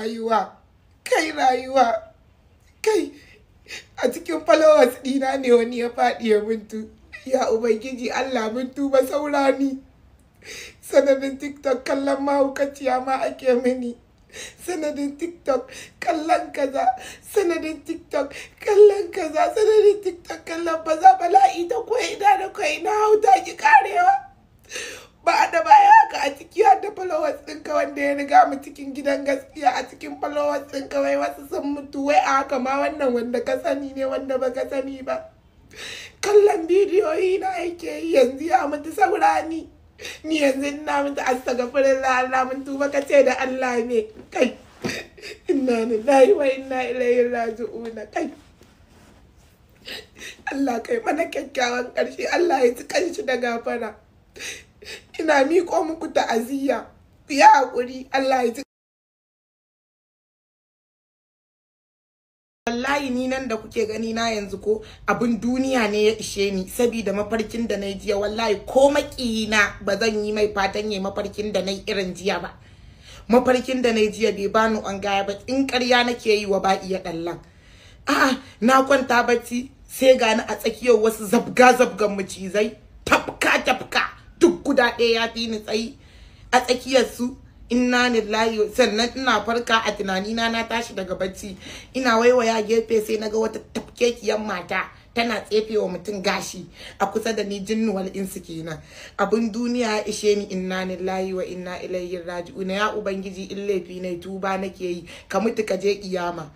rayuwa kai rayuwa kai a cikin folowas dina ne wani ya faɗi ya mintu ya ubangiji allah mun ba saurani sanadin tiktok kallon mahaukaciya ma ake mini sanadin tiktok kallon kaza sanadin tiktok kallon kaza sanadin tiktok kallon ba za bala'i ta ko ina da kwai ina hauta Ka wanda ya riga mu cikin gidan gaskiya a cikin followers ɗinka wai wasu sun mutu wai a haka ma wannan wanda ka sani ne wanda ba ka sani ba kallon bidiyoyi na aike yi yanzu ya mutu saurani ni yanzu ina mutu astagfirullah Allah mun tuba ka ce da Allah ne kai inna lillahi wa inna ilaihi raji'un kai Allah kai mana kyakkyawan ƙarshe Allah ya ci kanshi da gafara ina miƙo muku ta'aziyya ya haƙuri Allah ya wallahi ni nan da kuke gani na yanzu ko abin duniya ne ya ishe ni sabida mafarkin da na jiya wallahi ko makiyina ba zan yi mai fatan ya mafarkin da na irin jiya ba mafarkin da na jiya bai bani an gaya ba in ƙarya nake yi wa ba iya ɗallan a'a na kwanta bacci sai gani a tsakiyar wasu zabga zabgan macizai tafka tafka duk guda ɗaya ya fi ni tsayi a tsakiyar su inna lillahi sannan ina farka a tunani na na tashi daga bacci ina waiwaya gefe sai naga wata tafkekiyar mata tana tsefewa mutum gashi a kusa da ni jinnuwal insu kenan abin duniya ya ishe ni inna lillahi wa inna ilaihi raji'un ya ubangiji in laifi ne tuba nake yi ka mutu ka je kiyama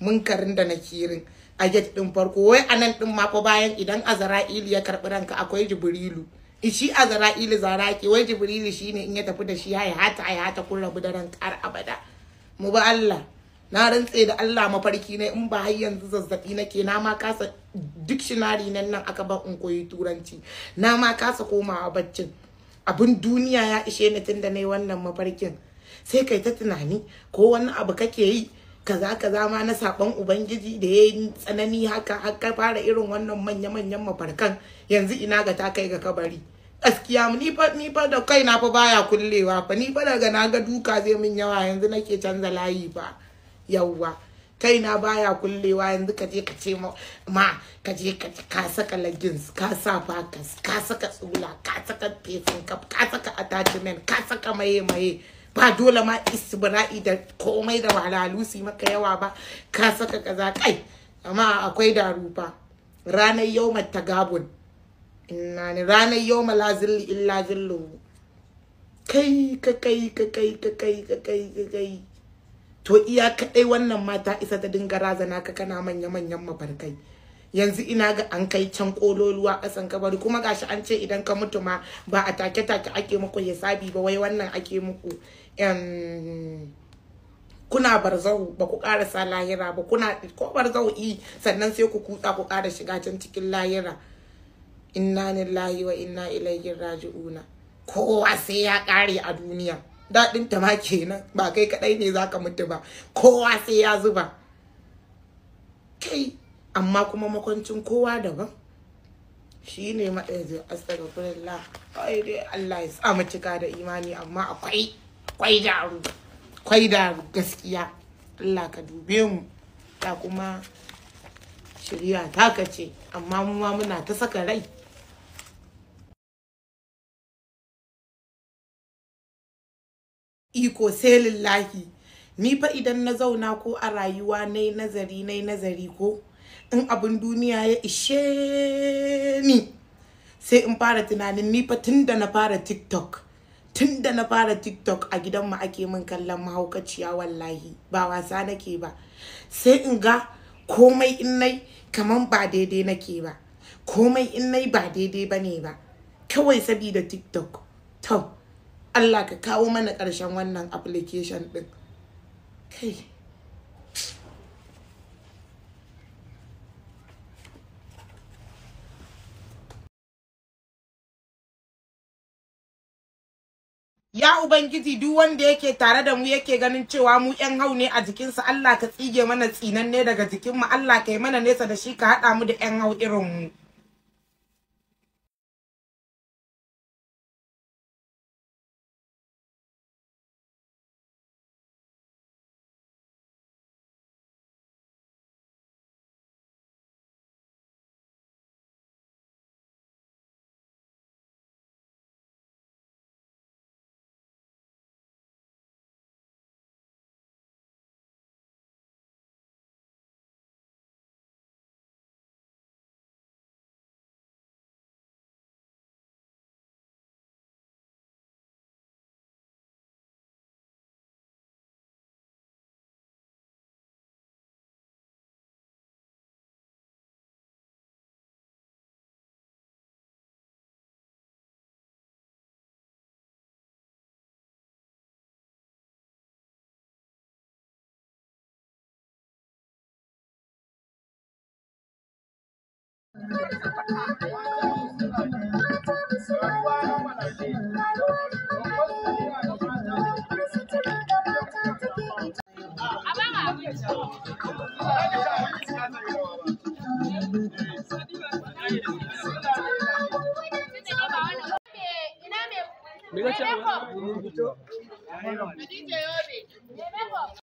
munkarin da nakirin a gate din farko wai anan din ma fa bayan idan azra'ili ya karbi ranka akwai jibrilu shi a zara'ili zaraki wai shi ne in ya tafi da shi ya hata ya hata kun rabu da ran kar abada mu ba Allah na rantse da Allah mafarki ne in ba har yanzu zazzabi nake na ma kasa dictionary nan nan aka ba in koyi turanci na ma kasa komawa baccin abin duniya ya ishe ni tunda nayi wannan mafarkin sai kai ta tunani ko wani abu kake yi kaza kaza ma na saban ubangiji da yayi tsanani haka har ka fara irin wannan manya manyan mafarkan yanzu ina ga ta kai ga kabari gaskiya ni fa ni fa da kai na fa baya kullewa fa ni fa daga na ga duka zai min yawa yanzu nake canza layi fa yawwa kai na baya kullewa yanzu ka je ka ce ma ka je ka ka saka leggings ka sa fakas ka saka tsula ka saka facing ka saka attachment ka saka maye maye ba dole ma isbira'i da komai da walalu su maka yawa ba ka saka kaza kai amma akwai darufa ranar yawmar tagabun ina ne ranar yau la lazilli illa zilluhu kai ka kai ka kai ka kai ka kai ka kai to iya kadai wannan mata isa ta dinga razana ka kana manya manyan mafarkai yanzu ina ga an kai can kololuwa kasan kabari kuma gashi an ce idan ka mutu ma ba a take take ake muku hisabi ba wai wannan ake muku kuna barzahu ba ku karasa lahira ba kuna ko barzahu i sannan sai ku kutsa ku ƙara shiga can cikin lahira inna lillahi wa inna ilaihi raji'una kowa sai ya ƙare a duniya daɗin ta ma kenan ba kai kaɗai ne zaka mutu ba kowa sai ya zuba kai amma kuma makwancin kowa daban shi ne maɗaji astagfirullah kawai dai Allah ya sa cika da imani amma akwai kwai daru kwai daru gaskiya Allah ka dube mu ta kuma shirya taka ce amma muna ta saka rai iko sai lillahi ni fa idan na zauna ko a rayuwa na nazari na nazari ko in abin duniya ya ishe ni sai in fara tunanin ni fa tun na fara tiktok tun na fara tiktok a gidan mu ake min kallon mahaukaciya wallahi ba wasa nake ba sai in ga komai in nai kaman ba daidai nake ba komai in nai ba daidai bane ne ba kawai sabida tiktok to allah ka kawo mana ƙarshen wannan application ɗin kai ya ubangiji duk wanda yake tare da mu yake ganin cewa mu yan hau ne a jikinsa Allah ka tsige mana tsinanne daga jikinmu Allah ka yi mana nesa da shi ka haɗa mu da yan hau irin mu Me da cewa? Me da cewa?